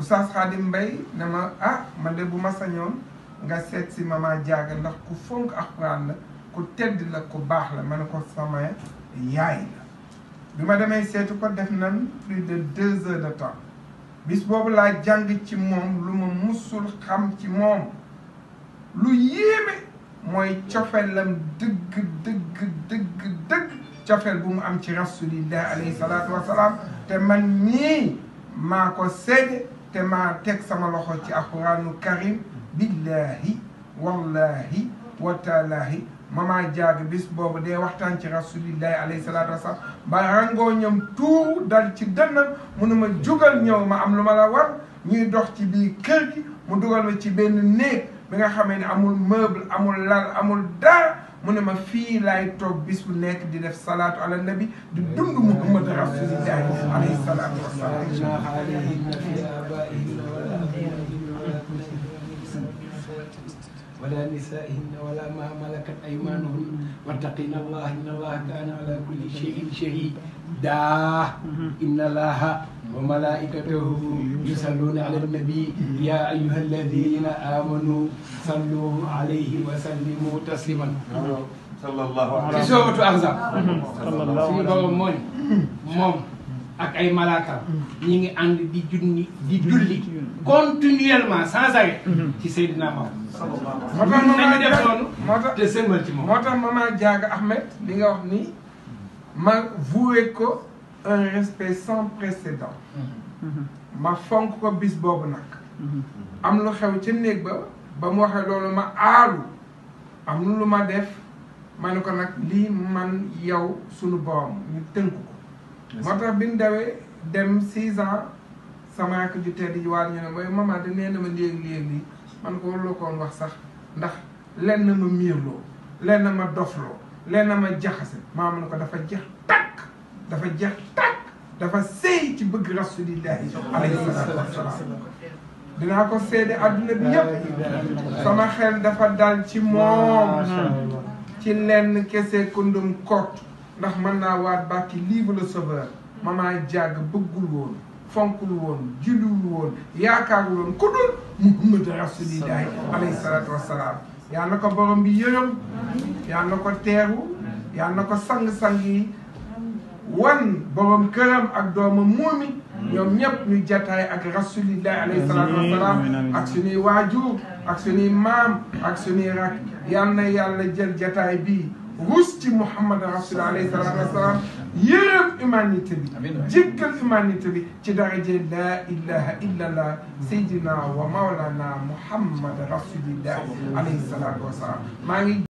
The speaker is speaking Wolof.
Oustaz Khadim Mbaye ne ma ah man de bu ma sañoon nga seet si ma ma jaaga ndax ku fonk Alxuraan la ku tedd la ku baax la ma ne ko sama yaay la bi ma demee seetu ko def nan plus deux heures de temps bis boobu laa jàng ci moom lu ma musul xam ci moom lu yéeme mooy cofeelam dëgg dëgg dëgg dëgg cofeel bu mu am ci rasulillah alayhi salaatu wasalaam te man nii maa ko seede te maa teg sama loxo ci alquraanu karim billahi wallahi wa taalaahi mama jaaga bis boobu dee waxtaan ci rasulillahi alayhi salaatu wasalaam ba rangoo ñam tuuru dal ci dënnam mu ne ma jugal ñëw ma am lu ma la war ñuy dox ci biir kër gi mu dugal ma ci benn néeg bi nga xamee ne amul meuble amul lal amul dara mu ne ma fii laay toog bis bu nekk di def salaatu ala nabi di dund Muhammad rasulillahi alayhi salaatu wasalaam ولا نسائهن ولا ما ملكت أيمانهن واتقين الله إن الله كان على كل شيء شهيد دا إن الله وملائكته يصلون على النبي يا أيها الذين آمنوا صلوا عليه وسلموا تسليما صلى الله عليه وسلم صلى الله عليه وسلم ak ay malaaka ñi ngi ànd di junni di julli continuellement sans arrêt ci Seydina Maodo moo tax moo tax te sëlmal ci moom moo li nga wax ni ma voué ko un respect sans précédent ma fonk ko bis boobu nag am lu xew ca néeg ba ba mu waxee loolu ma aalu am lu ma def ma ne ko nag lii man yow sunu borom ñu tënk moo tax bi ñu dawee dem six ans sama ak ju tedd ji waat ñu ne mooy maman de nee na ma léegi léegi man ko warloo koon wax sax ndax lenn ma miirloo lenn ma dofloo lenn ma jaxase maa mun ko dafa jeex takk dafa jeex takk dafa sëy ci bëgg rasulillahi alayhi dinaa ko seede adduna bi yëpp sama xel dafa dal ci moom ci lenn kese kundum kott ndax mën naa waat bàkki lii bu la sauveur mamaa jàgg bëggul woon fonkul woon julliwul woon yaakaarul woon ku dul muhammad rasulillahi alayhi ko borom bi yërëm yal ko teeru yal ko sang-sang yi wan borom këram ak doomam moomi ñoom ñëpp ñu jataay ak rasulillahi alayhi salaatu ak suñuy waajur ak suñuy maam ak suñuy rak yal na yàlla jël jataay bii wusti Muhammad rasul alayhi salaatu wa salaam yërëm humanité bi jéggal humanité bi ci daraje la ilaha illallah sayyidina wa mawlana Muhammad rasulillah alayhi salaatu wa salaam maa ngi